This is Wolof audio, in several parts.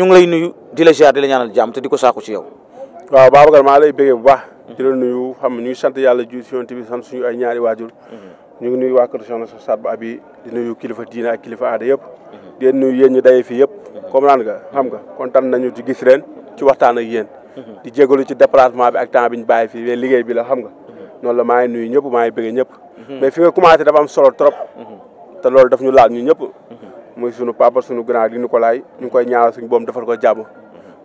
ñu ngi lay nuyu di la ziar di la ñaanal jàmm te di ko saako ci yow. waaw Babacar maa lay bëggee bu baax. di la nuyu xam ñu ngi sant yàlla ju si yonent bi sant suñu ay ñaari waajur. Mhm. ñu ngi nuyu waa kër Soxna sa Saad bu abi di nuyu kilifa diina ak kilifa aada yëpp. Mhm. di nuyu yéen ñu daje fii yëpp. Mhm. comme naan nga xam nga kontaan nañu ci gis ci waxtaan ak yéen. di jégalu ci déplacement bi ak temps bi ñu bàyyi fii liggéey bi xam nga. noonu la maa nuyu ñëpp maa ngi bëgg ñëpp. mais fi nga commencé muy sunu papa sunu grand di Nicolas ñu ngi koy ñaanal suñu boom defal ko jàmm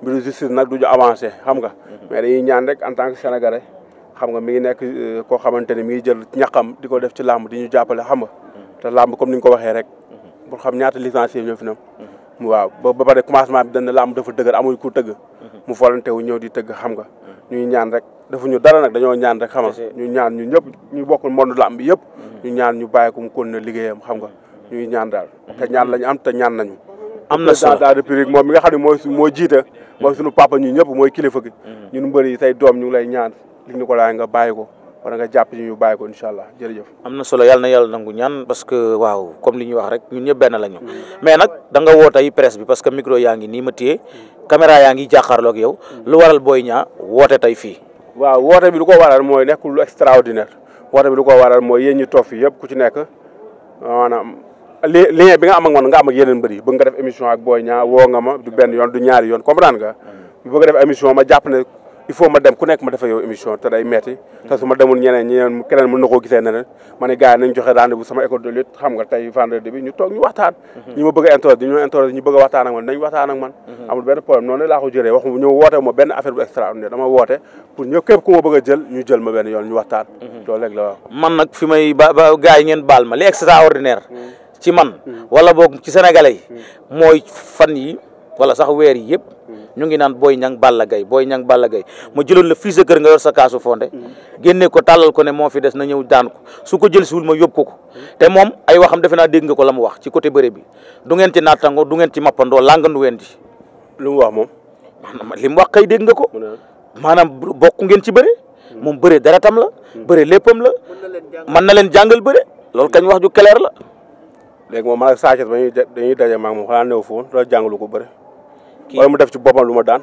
mbiru justice nag du ñu avancé xam nga. mais dañuy ñaan rek en tant que sénégalais xam nga mi ngi nekk euh, koo xamante ni mi ngi jël ñaqam di ko def ci làmb di ñu jàppale xam nga. te làmb comme ni ñu ko waxee rek. pour xam ñaata licencié ñoo fi waaw ba ba pare commencement bi dañ ne dafa dëgër amul ku tëgg. mu volonté wu ñëw di tëgg xam nga. ñuy ñaan rek defuñu dara nag dañoo ñaan rek xam nga ñu ñaan ñu ñëpp ñu bokkul monde làmb yëpp. ñu ñaan ñu bàyyi ko mu continuer liggéeyam xam nga. ñu ñaan daal te ñaan lañu am te ñaan nañu am na solo président de moom mi nga xam ne mooy moo jiite mooy suñu papa ñun ñëpp mooy kilifa gi mm-hmm. ñun mbëri yi say doom ñu ngi lay ñaan li ñu ko laaj nga bàyyi ko wala nga jàpp ñu ñu bàyyi ko incha allah jërëjëf am na solo yàlla na yàlla nangu ñaan parce que waaw comme li ñu wax rek ñun ñëpp benn lañu mm-hmm. mais nag da nga woo tey presse bi parce que micro yaa ngi nii ma téye caméra yaa ngi jàkkaarloo ak yow mm-hmm. lu waral Boy Niang woote tey fii bi lu ko waral mooy nekkul lu extraordinaire woote bi lu ko waral mooy yéen ñu toog fii yëpp ku ci nekk li lien bi nga am ak man nga am ak yeneen mbër yi bëgg nga def émission ak Boy Niang woo nga ma du benn yoon du ñaari yoon comprendre nga bu mm. bëgg def émission ma jàpp ne il faut ma dem ku nekk ma defa yow émission te day metti mm. te su ma demul ñeneen ñeneen keneen mën na koo gisee neneen ma ne gars yi nañ joxe rendez sama école de lutte xam nga tey vendredi bi ñu toog ñu waxtaan mm-hmm. ñi ma bëgg a interroger ñu interroger ñu a waxtaan ak man nañ waxtaan ak man mm-hmm. a jël ñu jël ma benn mm-hmm. man nag fi may ba gars yi ngeen baal ma li extraordinaire mm. ci man wala boog ci sénégalais yi mooy fan yi wala sax weer yi yëpp ñu ngi naan booy Niang Balla gay Boy Niang Balla Gaye ma jëloon la fii kër nga yor sa kaasu fonde génne ko tàllal ko ne moo fi des na ñëw daan ko su ko jël siwul ma yóbbu ko ko te moom ay waxam defe naa dégg nga ko la mu wax ci côté bëre bi du ngeen ci naattango du ngeen ci mappandoo làngandu ngeen ci lu mu wax moom maanaam li mu wax kay dégg nga ko ah. maanaam bokk ngeen ci bëre moom bëre dara tam la hmm. bëre léppam la mën na leen jàngal bëre léegi moom man ak Sa Thiès ba ñuy dañuy daje maag moom xanaa néew foofu loolu jàngalu ko mu def ci boppam lu ma daan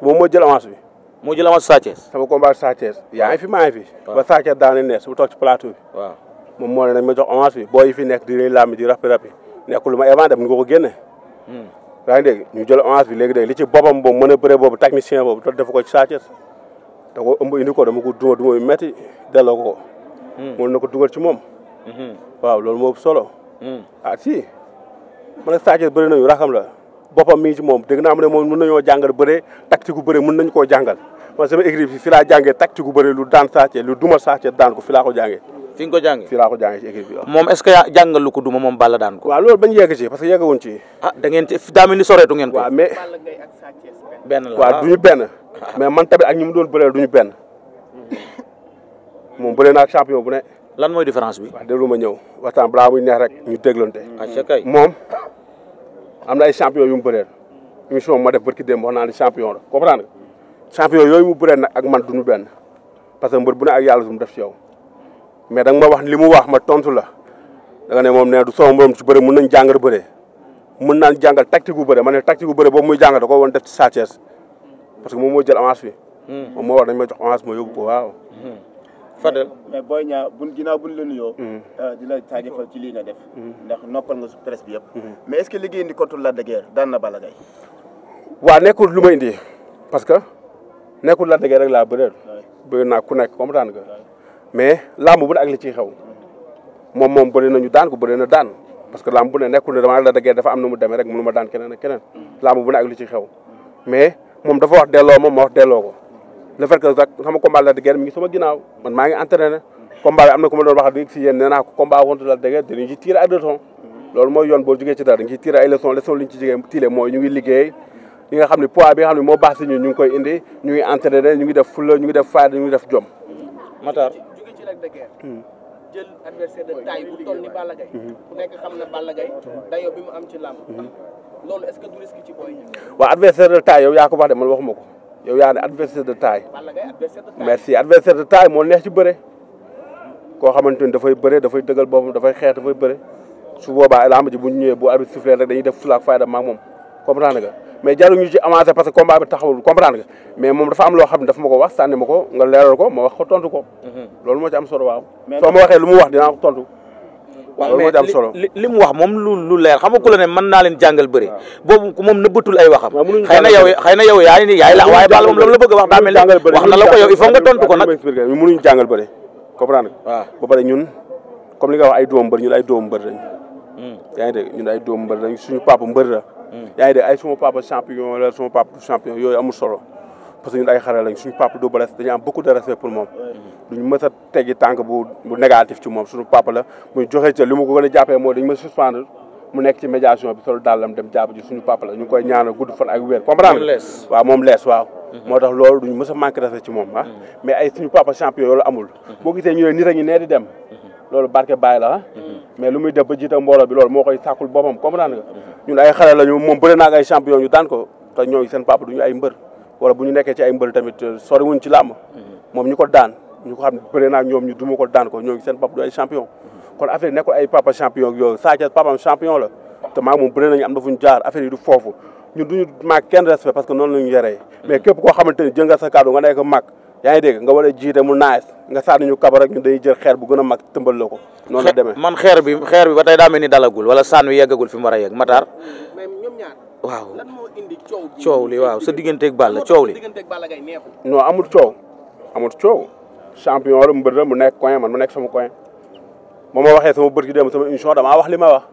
moom moo jël avance bi. moo jël avance Sa Thiès. sama combat Sa yaa ngi fi fi. ba Sa Thiès daan nañ ne ci plateau bi. moom moo ne nañ ma jox avance bi boo yi fi nekk di lay làmb di rapi rapi nekkul lu ma évent dem nga ko génne. Hmm. yaa ngi dégg ñu jël avance bi léegi dégg li ci boppam boobu mën a bëre boobu technicien boobu te def ko ci Sa Thiès da ko ëmb indi ko dama ko duma duma yu metti delloo ko ko. mën hmm. na ko dugal ci moom. Hmm. waaw loolu moo solo Hmm. ah si man ak Sa Thiès bëri nañu raxam la boppam mi ngi ci moom dégg naa mu ne moom mën nañoo jàngal bëre tactique gu bëre mën nañu koo jàngal man sama équipe bi fi laa jàngee tactique gu bëre lu daan Sa Thiès lu duma Sa Thiès daan ko fi laa ko jàngee fi nga ko jàngee fi laa ko jàngee ci équipe bi waaw moom est-ce que yaa jàngal lu ko duma moom Balla daan ko waaw loolu bañ yegg ci parce que yeggawuñ ci ah da ngeen ci daa mel ni soreetu ngeen ko waaw mais benn la waaw duñu benn mais man tamit ak ñi mu doon bëreel duñu benn moom bëree naa champion bu ne lan mooy différence bi. waaw déglu ma ñëw waxtaan balaa muy neex rek ñu déglante. Ah, moom am na ay champion yu mu bëreel émission ma def barki démb wax naa ne champion la comprendre nga champion yooyu mu bëreel nag ak man duñu benn parce que mbër bu ne ak yàlla sumu def si yow mais da nga ma wax li mu wax ma tontu la da ne moom nee du sama morom ci bëre mun nañ jàngal bëre mun naan jàngal tactique bu bëre ma ne tactique bu bëre boobu muy jàngal da ko woon def ci Sa Thiès parce que moom moo jël avance bi. Hmm. moom moo wax dañ ma jox avance ma yóbbu ko waaw. Hmm. Fadel mais Boy Niang buñ ginnaaw buñ la nuyoo. Mm. Euh, di la jaajëfal ci lii nga def. Mm. ndax noppal nga presse bi yëpp. Mm. mais est-ce que liggéey indi contre Lac de Guiers daan na Balla Gaye. waaw nekkul lu may indi parce que nekkul Lac de Guiers rek laa bëreel. bëri naa ku nekk comprendre nga mais làmb bu ne ak li ciy xew moom moom bëri nañu daan ko bëri na daan parce que làmb bu ne nekkul ne dama Lac de Guiers dafa am na mu demee rek mënu ma daan keneen ak keneen làmb bu ne ak li ciy xew mais moom dafa wax delloo moom ma wax delloo ko. le fait que nag sama combat la de guerre mi ngi sama ginnaaw man maa ngi entraîné combat bi am na ku la de guerre dañu ci tiré ay leçons loolu mooy yoon boo jugee ci dara dañ ciy ay leçons leçons li ñu ngi liggéey yi nga xam ne poids bi nga xam ne moo baax si ñun ñu ngi koy indi ñu ngi entraîné ñu ngi def fulla ñu ngi def fayda ñu ngi def jom Matar adversaire de taille mhm. mhm. yaa ko wax de man waxuma ko yow yaa ne adversaire de taille merci adversaire de taille moo neex ci bëre koo xamante ni dafay bëre dafay dëggal boppam dafay xeex dafay bëre su boobaa lamb ji bu ñu ñëwee bu arbitre rek dañuy def fulaak fayda maag moom comprendre nga mais jaru ñu ci avancé parce que combat bi mais moom dafa am loo xam ne dafa ma ko wax sànni ma ko nga leeral ko ma wax ko tontu ko mhm. loolu moo ci am solo waaw soo ma waxee lu mu wax dina ko tontu waaw mais li li mu wax moom lu lu leer xam nga ku la ne mën naa leen jàngal bëri boobu ku moom nëbbatul ay waxam xëy na yow xëy na yow yaay ni yaay la waaye Balla moom la la bëgg a wax daa mel ni wax na la ko yow il faut nga tontu ko nag ñu mënuñ jàngal ba pare ñun comme li nga wax ay doom mbër ñun ay doom mbër lañ hmm. yaa ñun ay doom mbër lañ suñu papa mbër la hmm. yaa ay suma papa champion la suma papa champion yooyu amul solo parce que ñun ay xare lañ suñu papa Double Less dañu am beaucoup de respect pour moom duñu mës a teggi tànk bu bu ci moom suñu papa la muy joxe ca li ma ko gën a jàppee mooy dañu ma suspendre mu nekk ci moom lees waaw mhm. moo tax loolu duñu mës a manqué respect ci moom ah mhm. mais ay suñu papa champion yoolu amul mhm. boo gisee ñu ne nit a ngi nee di dem loolu barke bàyyi la ah. mais lu muy def ba jiita mbooloo bi loolu moo koy sàkkul boppam comprendre nga ñun ay xale lañu moom bëri naa ay champion ñu daan ko te ñooñu seen papa duñu ay wala bu ñu nekkee ci ay mbër tamit euh, soriwuñ ci làmb mm-hmm. moom ñu ko daan ñu ko xam ne bëri naa ñoom ñu duma ko daan ko ñoo seen pap du ay champion mm-hmm. kon affaire yi nekkul Sa Thiès papam champion la te maa ñu affaire yi du foofu ñun duñu kenn respect parce que noonu la ñu yaree mm-hmm. mais képp koo xamante ni jël nga sa kàddu nga nekk mag yaa ngi nga war a jiite mu naaj nga sànni ñu kaba rek ñun dañuy jël xeer bu gën a mag tëmbal la ko noonu la demee man xeer bi xeer bi ba tey daa mel ni dalagul wala sànni yeggagul fi mu war a yegg Matar waaw lan moo indi coow coow li waaw sa digganteeg Balla coow li non amul coow amul coow champion la mbër la mu nekk coin man mu nekk sama coin ba ma waxee sama bët gi dem sama émission damaa wax li ma wax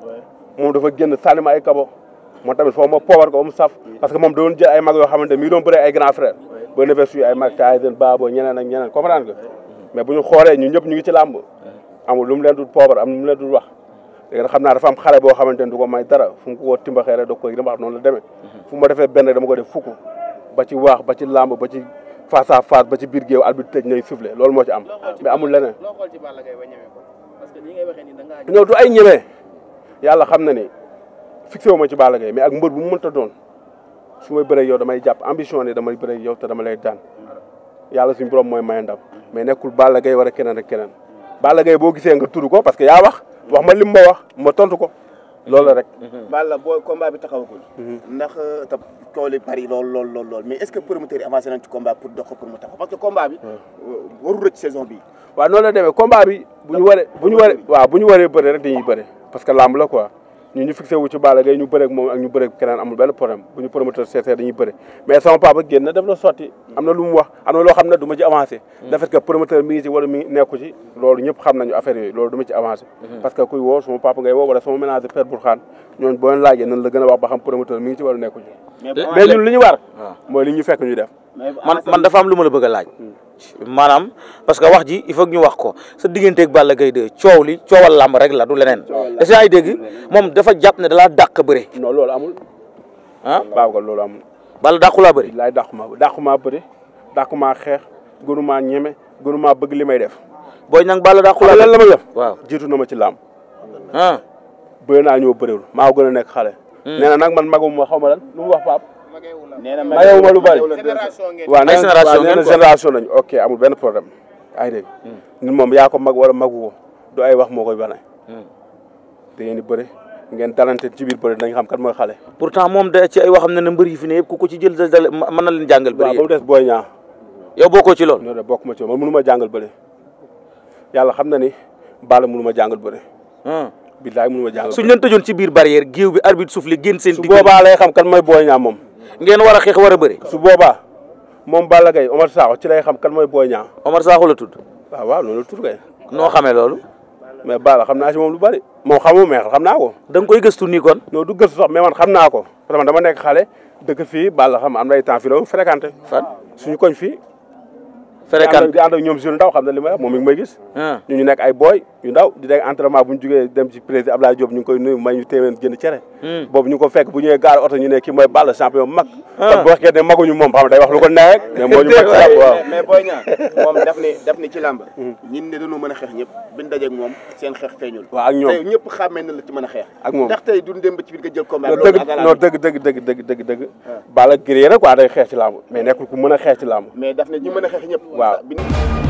moom dafa génn sànni ma ay kabo moom tamit foofu ma poobar ko ba mu saf parce que moom doon jël ay mag yoo xamante mi doon bëree ay grand frère ba defee suy ay mag Tyson Babou ñeneen ak ñeneen comprendre nga mais bu ñu xoolee ñu ñëpp ñu ngi ci làmb amul lu mu leen dul am lu mu leen dul wax léegi nag xam naa dafa am xale boo xamante ne du ko may dara fu mu ko timbaxee rek da koy dama wax noonu la demee fu ma defee benn dama ko def fukk ba ci waax ba ci làmb ba ci face à face ba ci biir géew albit tëj nay soufflé loolu moo ci am mais amul leneen non du ay ñemee yàlla xam na ni fixé wu ma ci Balla Gaye mais ak mbër bu mu mënta doon su may bëree yow damay jàpp ambition ni damay bëree yow te dama lay daan yàlla si borom mooy may ndam mais nekkul Balla Gaye war a keneen keneen Balla Gaye boo gisee nga tudd ko parce que yaa wax wax ma lim ma wax ma tontu ko loolu la rek. Mhm. Balla booy combat bi taxawagul. Mhm. ndax euh, te tool yi lool lool lool lool mais est-ce que promoteurs yi avancé nañ ci dox ko pour parce que combat bi. Euh, waa rëcc noonu la demee combat bi bu ñu waree bu ñu waree waaw bu ñu waree bëre rek dañuy bëre parce que laam la quoi. ñu ñu fixé wu ci Balla Gaye ñu bëre moom ak ñu bëre ak keneen amul benn problème bu ñu promoteur seetee dañuy bëre mais sama papa génn def la sotti am na lu wax am na loo xam ne du ma ci avancé le mm. fait que promoteur mi ngi ci wala loolu du ma avancé mm-hmm. parce que kuy woo sama papa ngay woo wala sama ménage père Bourkhane ñooñu boo laajee nan la a wax ba xam promoteur mais ñu war ah. ñu def man man dafa am la bëgg a laaj mm. maanaam parce que wax ji il faut ñu wax ko sa digganteeg Balla gay 2 coow li coowal làmb rek la du leneen. est-ce ay dégg moom dafa jàpp ne dalaa dàq bëre. noo lool amul. ah baaw ko loolu amul. Balla dàqu a bëri. laay dàqu maa dàqu maa bëri dàqu maa xeex gënu maa ñeme gënu bëgg li may def. booy nag Balla dàqu laa lan la ma def. waaw jiitu na ma ci làmb. ah. naa ñëw bëriwul maa gën a nekk xale. Hmm. nee na nag man magum xaw ma lan lu mu wax Pape. nee na mayewu ma lu bari waaw nee na génération nañu ok amul benn problème ay dégg hmm. nit moom yaa ko mag wala magu ko du ay wax moo koy wane hmm. da ngeen di bëri ngeen talante ci biir bëri xam kat xale pourtant moom da ci ay waxam ne ne mbër yi fi ne ko ci jël dal mën na leen jàngal bëri waaw ba mu des man mënu ma jàngal bëri yàlla xam na ni Balla mënu ma jàngal bëri hmm. billaay mënu ma jàngal suñ leen tëjoon ci biir barrière géew bi arbitre suuf li génn seen digg su boobaa xam kan booy ñaa moom ngeen war a xeex war a bëri. su boobaa moom Balla Gaye Omar Sakho ci lay xam kan mooy Boy Niang. Omar Sakho la tudd. waaw waaw noonu la tudd kay. noo xamee loolu. mais Balla xam naa si moom lu bari. moom xamoo mais xam naa ko. da nga koy gëstu ni kon. non du gëstu sax mais man xam naa ko parce man dama nekk xale dëkk fii Balla xam am na ay temps fii la fréquenté fan suñu koñ fii fréquent di ànd ak ñoom jeune ndaw xam na li moom mi may gis ah. ñu ñu nekk ay booy yu ndaw di nekk entraînement bu ñu jugee dem ci président Abdoulaye Diop ñu ngi koy nuyu may ñu téeméen jënd cere hmm. boobu ñu ko fekk bu ñëwee gaar oto ñu ah. wax lu ko neex mais moo ñu mag làmb waaw mais booy hmm. ñëpp biñ dajeeg moom seen xeex feeñul waaw ak ñoom tey ñëpp xàmmee a xeex ak moom du dem ba ci biir nga jël combat non nekkul ku mën a xeex ci làmb mais daf ne ñi mën xeex ñëpp waaw